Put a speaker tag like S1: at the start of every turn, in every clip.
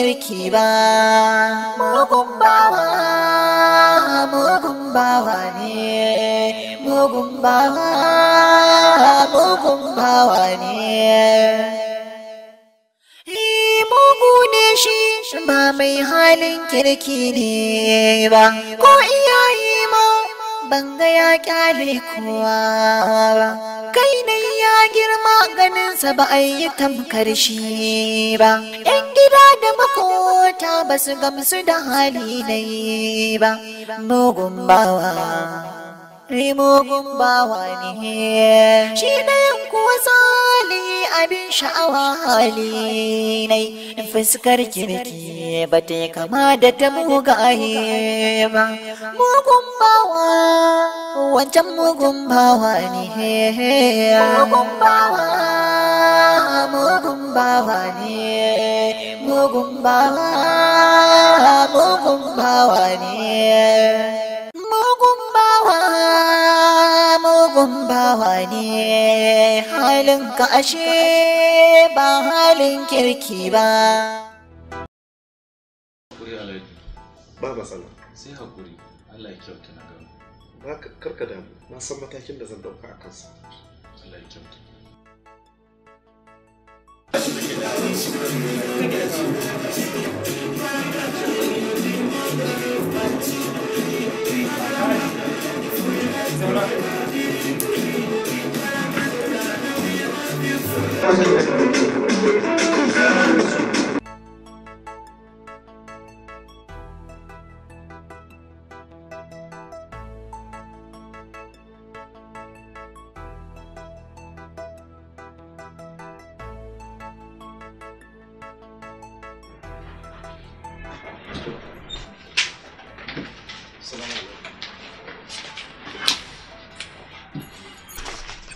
S1: kirki ba mugun bawa mugun bawa ne mugun bawa mugun bawa ne mugu ne shi ba mai halin kirki ne ba ko iyaye ma ban ga ya kyale kuwa kai ne ya girma ganin sa ba ayi yi tamkar shi ba yan gida da makota ba su gamsu da hali ne ba mugun bawa ni mugun bawa ne shi ɗayan kuwa tsali abin sha'awa hali nai fuskar kirki ba ta yi kama da ta mugaye ba mugun bawa wancan mugun bawa ne mugun bawa mugun bawa ne mugun bawa mugun bawa ne kun ba ne halin ashe ba halin kirki ba
S2: hakuri alaji ba matsala sai hakuri Allah ya kyauta na gama ba karka damu na san matakin da zan dauka a kansa Allah ya kyauta
S1: Thank you. Thank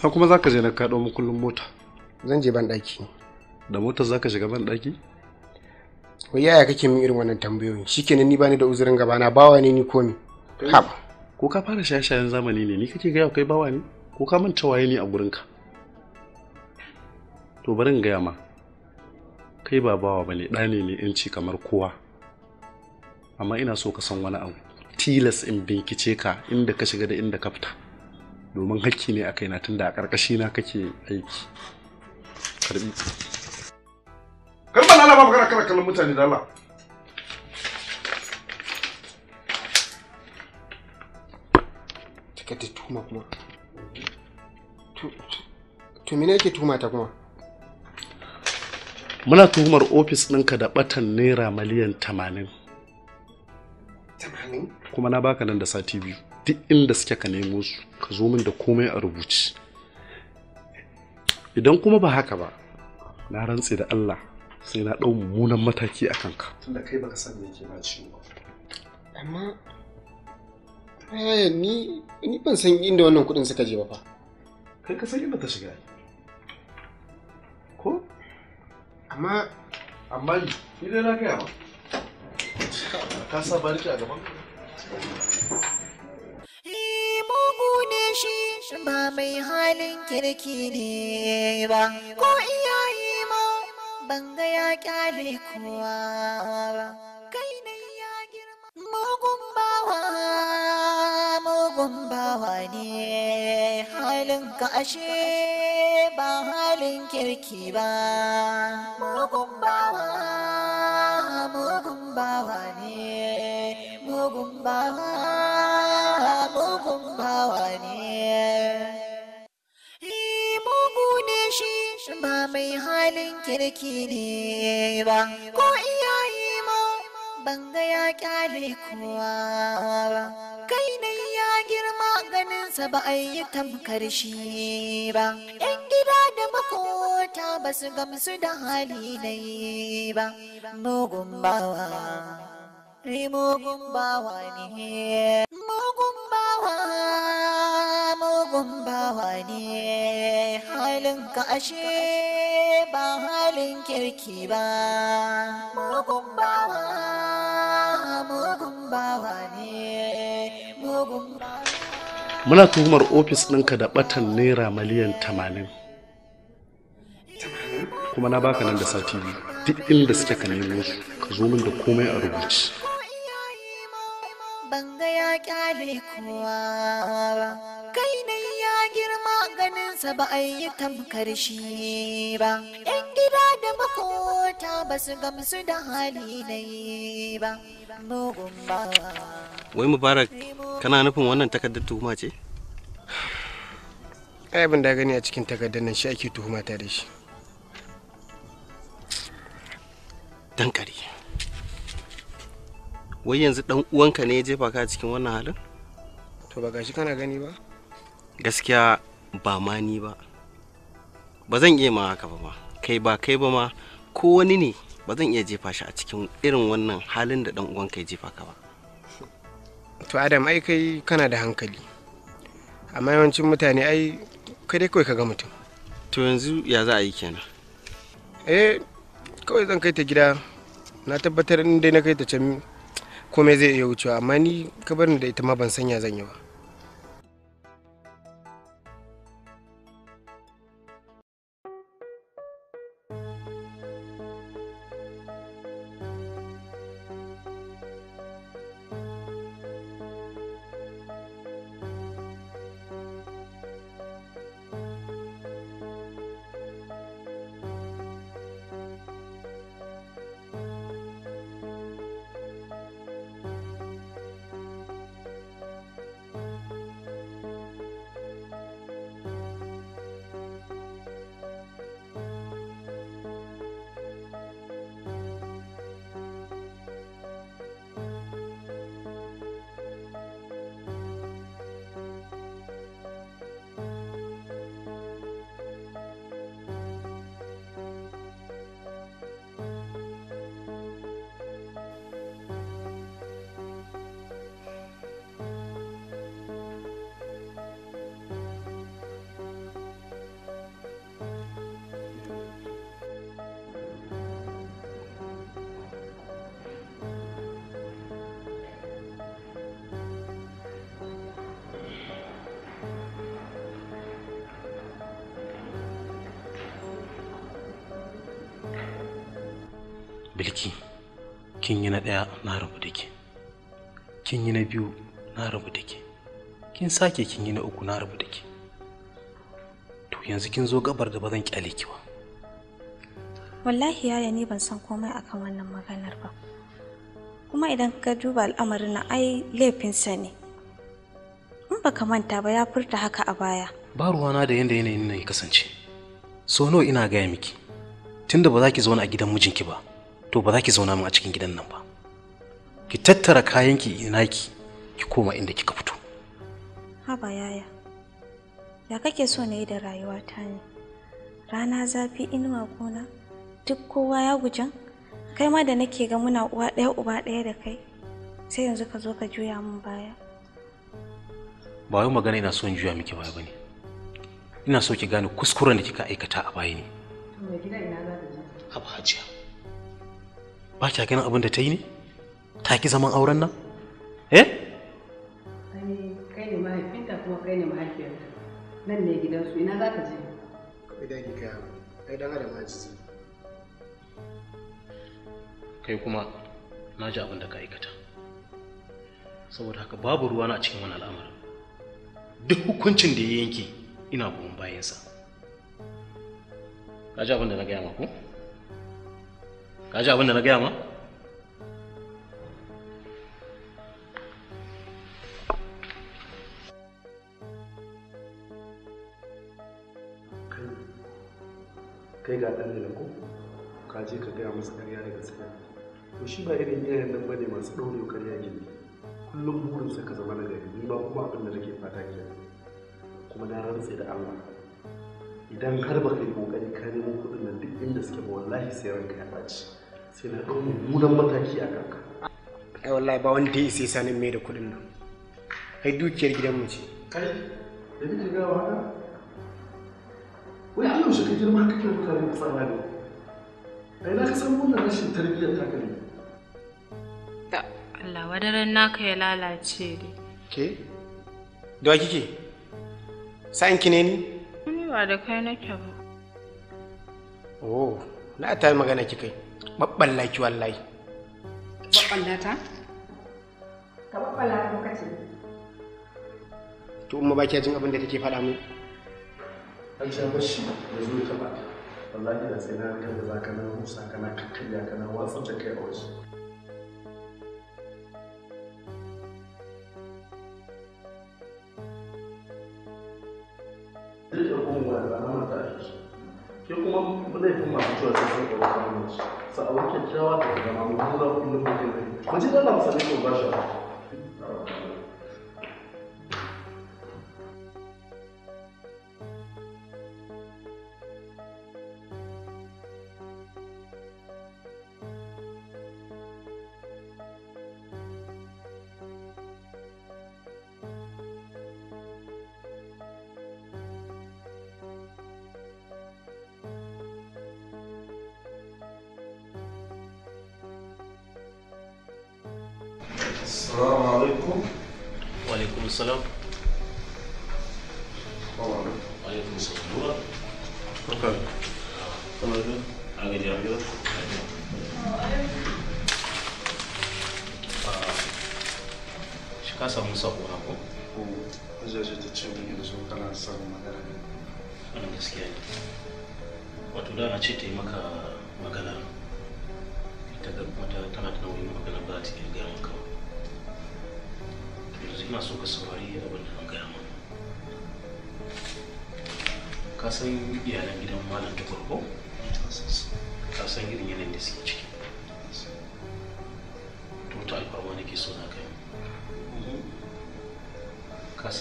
S2: ha kuma zaka je na kaɗo mu kullum mota zan je
S3: ban ɗaki da motar zaka shiga ban ɗaki wai yaya kake min irin wannan
S2: tambayoyin shikenan ni bani da uzurin gaba na bawa ne ni ko ni haba ko ka fara shaye-shayen zamani ne ni kake gaya kai bawa ne ko ka manta waye ne a gurinka to bari in gaya ma kai ba bawa bane ɗa ne in ci kamar kowa amma ina so ka san wani abu tilas in binkice ka inda ka shiga da inda ka fita domin hakki ne a kaina tunda a ƙarƙashi na kake aiki karbi karban lalaba magana kana kallon mutane da Allah
S3: take ta tuma kuma to me yake tuma ta kuma
S2: muna tuhumar ofis ɗinka da batan naira miliyan tamanin kuma na baka nan da sati biyu duk inda suke ka nemo su ka zo min da komai a rubuce idan kuma ba haka ba na rantse da Allah sai na ɗau mummunan mataki a kanka tunda kai baka san me yake ba ciwo amma Aya eh, ni ni ban
S3: san inda wannan kuɗin suka je ba fa kai ka san inda ta shiga
S2: ko amma amma ni dai na kai ba ka sa barki a gaban ka
S1: ba mai halin kirki ne ba ko iyaye ma ban ga ya kyale kowa ba kai ne ya girma mugun bawa mugun bawa ne halin ka ashe ba halin kirki ba mugun bawa mugun bawa ne mugun bawa mugun bawa ne halin kirki ne ba ko iyaye ma ban ga ya kyale kowa ba kai dai ya girma ganinsa ba a yi tamkar shi ba yan gida da makota ba su gamsu da hali na yi ba mugun bawa mugun bawa ne mugun bawa mugun bawa ne ka ashe ba halin kirki ba mugun bawa mugun bawa ne mugun bawa
S2: muna tuhumar ofis ɗinka da ɓatan naira miliyan tamanin kuma na baka nan da sati biyu duk inda suke ka nemo su ka zo min da komai a rubuce
S1: ban ya kyale kowa kai ne girma ganinsa ba a yi tamkar shi ba yan gida da makota ba su gamsu da hali na yi ba mugun ba
S3: wai mubarak kana nufin wannan takardar tuhuma ce ai abin da gani a cikin takardar nan shi ake tuhuma ta da shi dankari wai yanzu dan uwanka ne ya jefa ka cikin wannan halin to ba gashi kana gani ba gaskiya ba ma ni ba ba zan iya ma haka ba kai ba kai ba ma ko wani ne ba zan iya jefa shi a cikin irin wannan halin da dan uwanka ya jefa ka ba to adam ai kai kana da hankali amma yawancin mutane ai kai dai kawai ka ga mutum to yanzu ya za a yi kenan eh kawai zan kai ta gida na tabbatar in dai na kai ta can komai zai iya wucewa amma ni ka bar ni da ita ma ban sanya zan yi ba
S4: sarki kin yi na ɗaya na rabu da kin yi na biyu na rabu da ke kin sake kin yi na uku na rabu da to yanzu kin zo gabar da ba zan kyale ki ba
S5: wallahi yaya ni ban san komai akan wannan maganar ba kuma idan ka duba al'amarin na ai laifinsa ne in ka manta ba ya furta haka a baya
S4: ba ruwana da yanda yanayin nan ya kasance so nawa ina gaya miki tunda ba za ki zauna a gidan mijinki ba to ba za ki zauna min a cikin gidan nan ba ki tattara kayanki ina ki ki koma inda kika fito
S5: haba yaya ya kake so na yi da rayuwata ne rana zafi inuwa gona duk kowa ya gujan kai ma da nake ga muna uwa ɗaya uba ɗaya da kai sai yanzu ka zo ka juya min baya
S4: ba wai magana ina so in juya miki baya bane ina so ki gane kuskuren da kika aikata a baya ne haba hajiya ba kya ganin abin da ta yi ne ta ki zaman auren nan eh
S5: kai ne mahaifinta kuma kai ne mahaifiyarta nan ne gidansu ina za ka je kai da ki
S3: kaya kai dan adam ajizi
S4: kai kuma na ji abin da ka aikata saboda haka babu ruwa na cikin wani al'amarin duk hukuncin da ya yanke ina goyon bayansa ka ji abin da na gaya maku? ka ji abin da na gaya ma
S2: kai ga ɗan da ko ka je ka gaya masa ƙarya da gaskiya to shi ba irin iyayen nan bane masu ɗaure ƙarya gindi kullum sa ka zama na gari ni ba kuma abin da nake fata ke kuma na rantse da Allah idan har ba kai kokari ka nemo kuɗin nan duk inda suke ba wallahi sai ranka ya ɓaci sai na ɗau mummunan mataki a kanka
S3: ai wallahi ba wanda ya isa sanin mai da kuɗin nan ai dukiyar gidanmu ce
S2: kai da nake gawa haka wai Allah shi ka girma kake mutane ku fara ne ai na ka san wannan rashin tarbiyyar ta ne
S5: Allah wadaran naka ya lalace ne
S3: ke da kike sa'in ki ne ni
S5: ni ba da kai nake ba
S3: oh na ta magana ki kai maɓallaki wallahi
S5: maɓallata ka ko kace.
S3: to umma baki jin abin da take faɗa mun.
S2: an sha bashi da zo ta ba wallahi da sai na kan da zaka nan musa kana kakkarya kana watsar da kai a waje Thank you. ke kuma laifin masu cewa sai sun ɗauka kamar su a wakil kyawa da zama mu zama kullum mutum ne mu ji dala
S1: musamman ko ba shi
S4: a gaji a shi ka samu sako na ko? ko zai ta ce min yanzu kana son magana ne gaskiya ne wato da na ce ta yi maka magana ita ga mata tana ta nauyi magana ba ta iya gaya maka yanzu ina so ka saurari abin da na gaya maka ka san iyalan gidan malam tukur ko? ka irin yanayin da suke ciki to alfarma mm-hmm. kai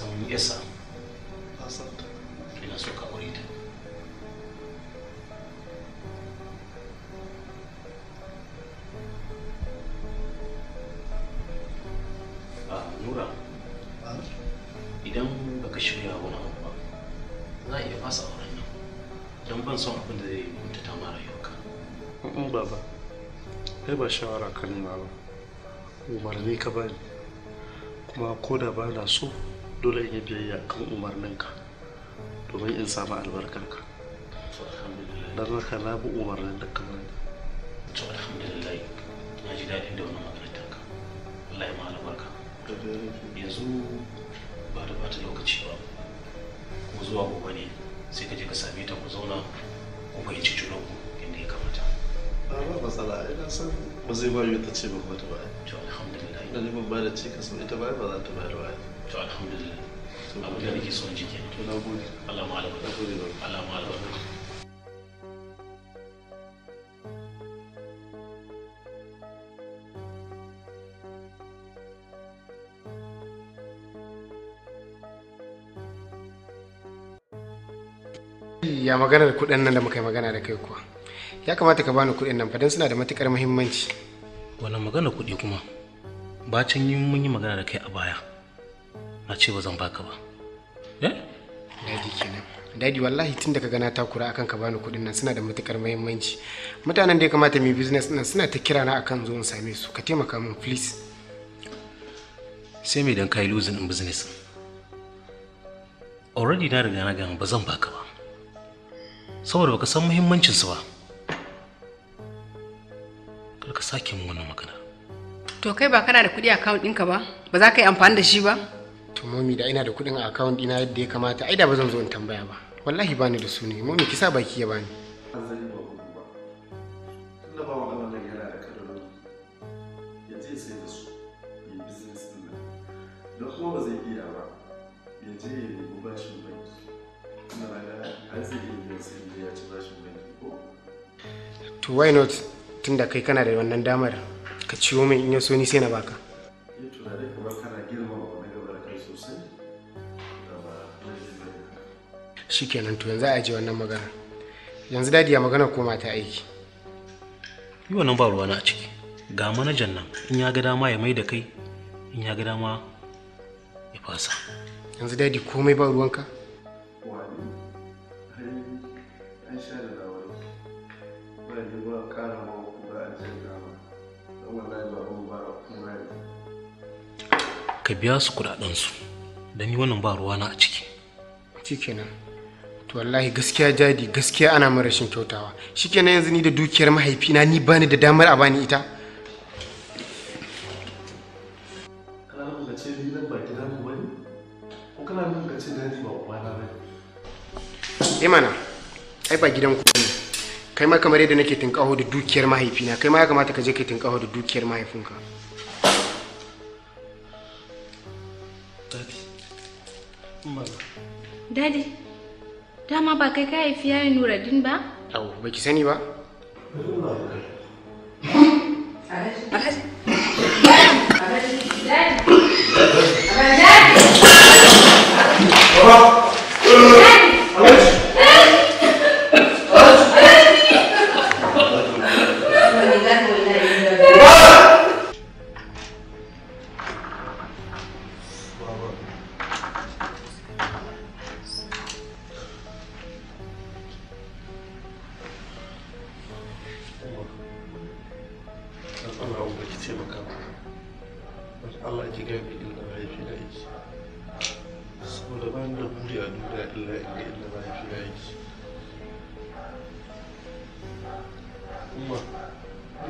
S4: ina so ka ta ah, nura ah? idan baka shirya wani abu ba za a iya fasa auren nan don ban son abin da zai
S2: in baba kai ba shawara ka nuna ba umarni ka bani kuma ko da ba na so dole in yi biyayya kan umarninka domin in samu albarkarka don haka na bi umarnin da ka
S4: to alhamdulillah na ji daɗin da wannan Allah ya albarka yanzu ba da lokaci ba zuwa gobe ne sai ka je ka same ta ku zauna ku fahimci junanku
S2: ba matsala ina san ba zai bayu ta ce to alhamdulillah ina neman da ce ka san ita bayar ba za ta bayar ba to alhamdulillah da
S4: ma albarka
S3: ya maganar kudin nan da muka yi magana da kai kuwa ya kamata ka bani kuɗin nan fadan suna da matukar muhimmanci wannan magana kuɗi kuma
S4: Ba can yi mun yi magana da kai a baya na ce ba zan baka ba
S3: eh dadi kenan dadi wallahi tun daga ka gana takura akan ka bani kuɗin nan suna da matukar muhimmanci mutanen da ya kamata mu business nan suna ta kira na akan zo in same su ka taimaka min please
S4: sai me dan kai losing in business already na riga na ga ba zan baka ba saboda baka san muhimmancin su ba
S3: sake mun wannan magana
S5: to kai ba kana da kuɗi a account ɗinka ba ba za ka yi amfani da shi ba
S3: to momi da ina da kuɗin a account ɗina yadda ya kamata ai da ba zan zo in tambaya ba wallahi bani da su ne momi kisa baki ya bani
S2: kuma ba iya ba kuma ba
S3: to why not tun da kai kana da wannan damar ka ciwo min in ya so ni sai na baka shikenan to yanzu a ji wannan magana yanzu dadi ya magana koma ta aiki
S4: yi wannan ba ruwa na ciki ga manajan nan in ya ga dama ya mai da kai in ya ga dama
S3: ya fasa yanzu dadi komai ba ruwanka biya su su don ni wannan ba ruwana a ciki na to wallahi gaskiya jadi gaskiya ana mara rashin kyautawa shikenan yanzu ni da dukiyar mahaifina ni bani da damar a bani ita Eh mana, ai ba gidan ku ne. Kai ma kamar yadda nake tinkaho da dukiyar mahaifina, kai ma ya kamata ka je ka tinkaho da dukiyar mahaifinka.
S5: Dadi, dama ba kai ka haifi yayin Nuruddin ba?
S3: Au, baki sani ba? Alhaji.
S2: Allah ji ga bi illa mahaifi na yake saboda ba da buri a duniya illa inda illa mahaifi na yake kuma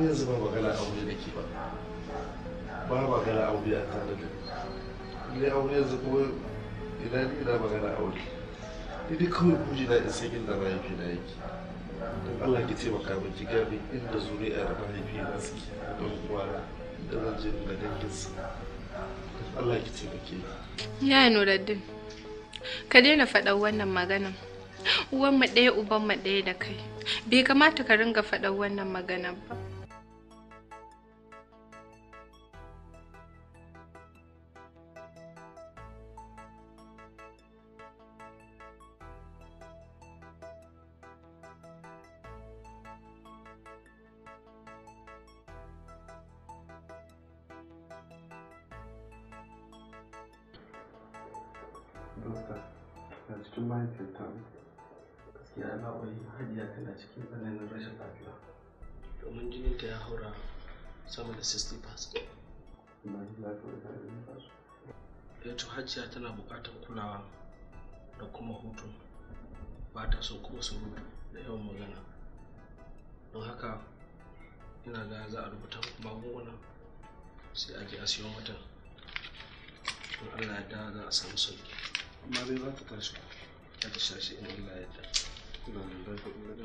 S2: yanzu ba magana aure da ke ba ba magana aure a tare da ni aure yanzu kuma idan ina magana aure ni dai kawai buji na in san inda mahaifi na yake don Allah ki taimaka min ki gabe inda zuri'ar mahaifi na suke don uwana da Allah ki taimake
S5: ya Nuruddin ka daina faɗar wannan maganan uwanmu ɗaya ubanmu ɗaya da kai bai kamata ka ringa faɗar wannan maganan ba
S4: haura sama da 60 tana buƙatar kulawa da kuma hutu ba ta so kuma surutu da yawan magana don haka ina ga za a rubuta magunguna sai a ji a siyo mata don allah ya za a samu sauki
S2: amma dai za ta tashi ta shashi in allah ya da ina nan kuɗi na da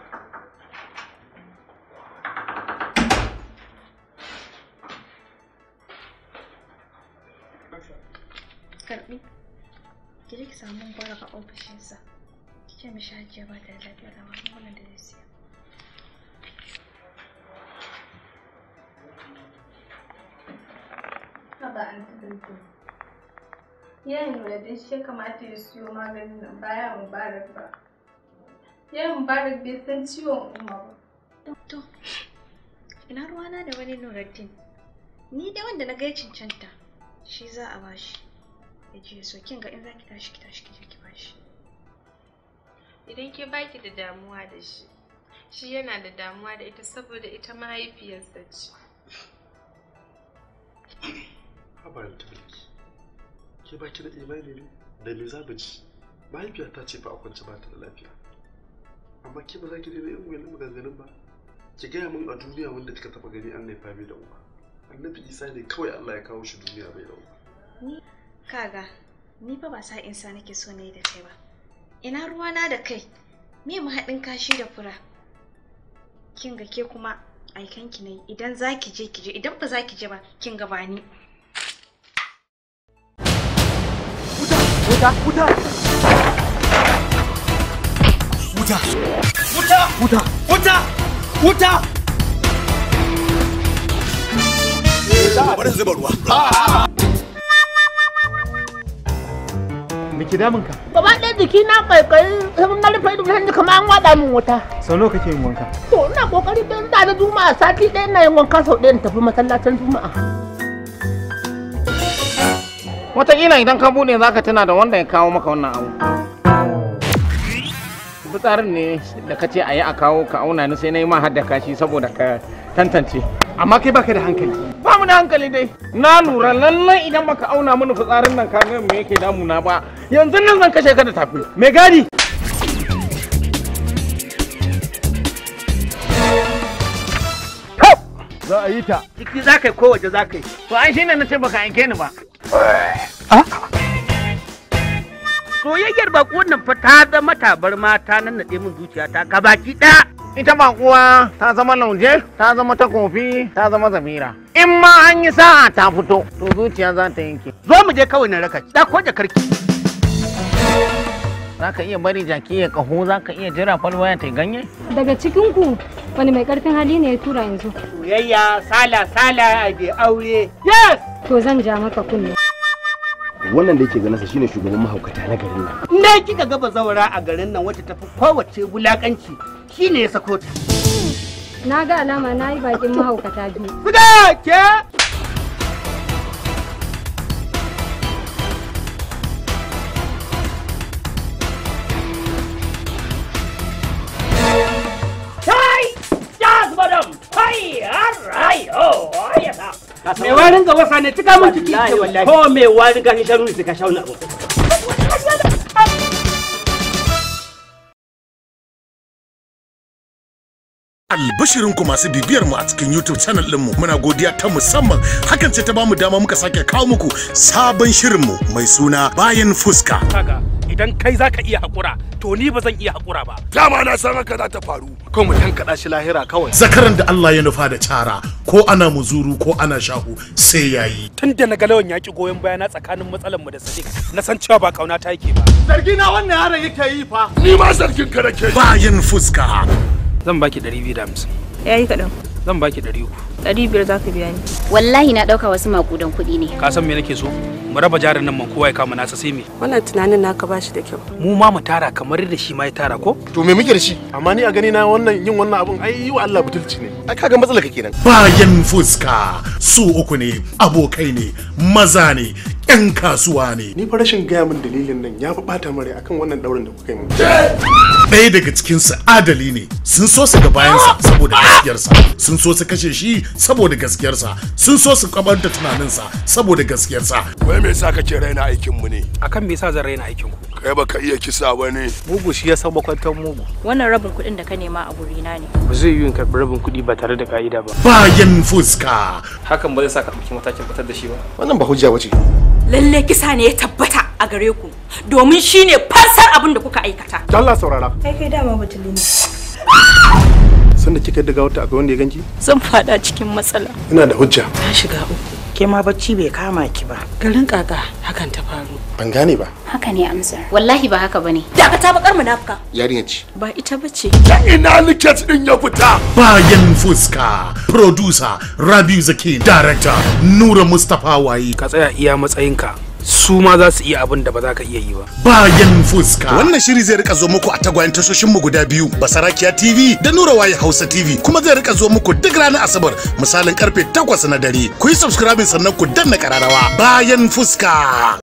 S5: karbi ki ki samu gwara a ofishinsa ki ce mishi hajiya ba ta lafiya da magungunan da zai siya haba an tuntun yayin muladin shi ya kamata ya siyo maganin nan baya mubarak ba yayin mubarak bai san ciwon umma ba to ina ruwana da wani nuraddin ni dai wanda na gaya cancanta shi za a bashi ya je so kin ga in zaki tashi ki tashi ki je ki bashi idan ke baki da damuwa da shi shi yana da damuwa da ita saboda ita mahaifiyarsa ce
S2: habarin tabbas ke baki da imani ne da me za mu ji mahaifiya ta ce ba a kwance ba ta da lafiya amma ke ba za ki daina yin wani maganganun ba ki gaya min a duniya wanda kika taɓa gani an naifa bai da uba annabi isa ne kawai allah ya kawo shi duniya bai da
S1: uba
S5: kaga ni fa ba sa insa nake so ne yi da kai ba ina ruwa na da kai me mu haɗin kashi da fura kin ga ke kuma aikan ki ne idan za je ki je idan ba za je ba kin ga ba ni wuta wuta
S6: wuta wuta wuta wuta wuta wuta miki damin ka?
S3: Gaba ɗaya jiki na kaikayi sai na rufe ido na kamar an wada min wuta.
S6: Sau nawa kake yin wanka?
S3: To ina kokari don da na juma'a sati ɗaya ina yin wanka sau ɗaya in tafi masallacin juma'a. Wataƙila idan ka buɗe za ka tuna da wanda ya kawo maka wannan abu. Fitsarin ne da ka ce a yi a kawo ka auna ni sai na yi ma hadda kashi saboda ka tantance amma kai baka da hankali
S4: ba mu da hankali dai na lura lallai idan baka auna mini fitsarin nan kaga me yake damuna ba yanzu nan zan kashe ka da tafi me gadi za a yi ta ciki za ka ko waje za ka yi to an shine na ce baka yanke ni ba
S3: ah? soyayyar baƙo nan fa ta zama tabar mata nan zuciya min zuciyata gabaki ɗaya ita ba kuwa ta zama lauje ta zama takofi ta zama zamira in ma an yi sa'a ta fito to zuciya za ta yanke zo mu je kawai na raka da ko da karki za ka iya bari jaki ya kaho za ka iya jira falwaya ta ganye
S5: daga cikin ku wani mai karfin hali ne ya tura yanzu soyayya sala sala a bi aure yes to zan ja maka kunne
S4: wannan da yake ganinsa shine shugaban mahaukata na garin nan
S3: ne kika ga
S5: bazawara a garin nan wacce tafi
S3: kowace wulakanci shi ne ya sako ta.
S5: Na ga alama na yi bakin mahaukata biyu.
S3: Fida ke!
S4: Mai warin ga wasa ne cika mun ciki ce wallahi. Ko mai warin
S5: ga shi sharu suka shauna abu.
S6: albashirinku masu bibiyar mu a cikin YouTube channel mu muna godiya ta musamman hakan ce ta bamu dama muka sake kawo muku sabon shirin mu mai suna bayan fuska kaga idan kai zaka iya hakura to ni ba zan iya hakura ba dama na san haka za ta faru ko mu da shi lahira kawai zakaran da Allah ya nufa da cara ko ana muzuru ko ana shahu sai yayi tunda na ga lawan yaki goyon bayana tsakanin matsalan mu da Sadiq
S4: na san cewa ba kauna ta yake ba
S6: zargi na wannan yaron yake yi fa ni ma zargin
S4: ka nake bayan fuska Zan baki 250. Yayi kaɗan. Zan baki 300.
S5: 500 za ka biya ni. Wallahi na ɗauka wasu makudan kuɗi ne.
S4: Ka san me nake so? Mu raba jarin nan man kowa ya kama nasa sai me?
S5: Wannan tunanin naka ba shi da kyau.
S6: Mu ma mu tara kamar da shi ma ya tara ko? To me muke da shi? Amma ni a gani na wannan yin wannan abun ai yi wa Allah butulci ne. Ai kaga matsalar kake nan. Bayan fuska su uku ne, abokai ne, maza ne, 'yan kasuwa ne. Ni fa rashin gaya min dalilin nan ya fi bata mare akan wannan daurin da kuka yi min. ɗaya daga cikinsu adali ne sun so su ga bayansa ah! saboda ah! gaskiyarsa sun so su kashe shi saboda gaskiyarsa sun so su kabar da tunaninsa saboda gaskiyarsa wai me yasa kake raina aikin mu ne akan me yasa zan raina aikin ku kai baka iya kisa ne. mugu shi ya
S2: san bakwantan mugu
S5: wannan rabin kuɗin da ka nema a guri na ne
S4: ba zai yi karɓi rabin kuɗi ba tare da ka'ida ba
S3: bayan fuska hakan ba zai sa ka ɗauki matakin fitar da shi ba wannan ba hujja bace
S5: lalle kisa ne ya tabbata a gare ku domin shine fansar abin da kuka aikata. Allah saurara kai kai dama batulu ne.
S2: Sanda kika daga wata akwai wanda ya ganki?
S5: Zan fada cikin matsala. Ina da hujja. ta shiga uku. Ke ma bacci bai kama ki ba. Garin kaka hakan ta faru. Ban gane ba. Haka ne amsar. Wallahi ba haka bane. Da ka ta bakar munafuka.
S6: Yarinya
S3: ce.
S5: Ba ita bace. Dan
S6: ina liket din ya fita. Bayan fuska. Producer rabi Zaki. Director Nura mustafa Wayi. Ka tsaya iya matsayinka. su ma za su iya abin da ba za ka iya yi ba. Bayan fuska. Wannan shiri zai rika zo muku a tagwayen tashoshinmu guda biyu, Basarakiya TV da Nura Waye Hausa TV, kuma zai rika zo muku duk ranar Asabar,
S1: misalin karfe 8 na dare. Ku yi subscribing sannan ku danna kararawa Bayan fuska.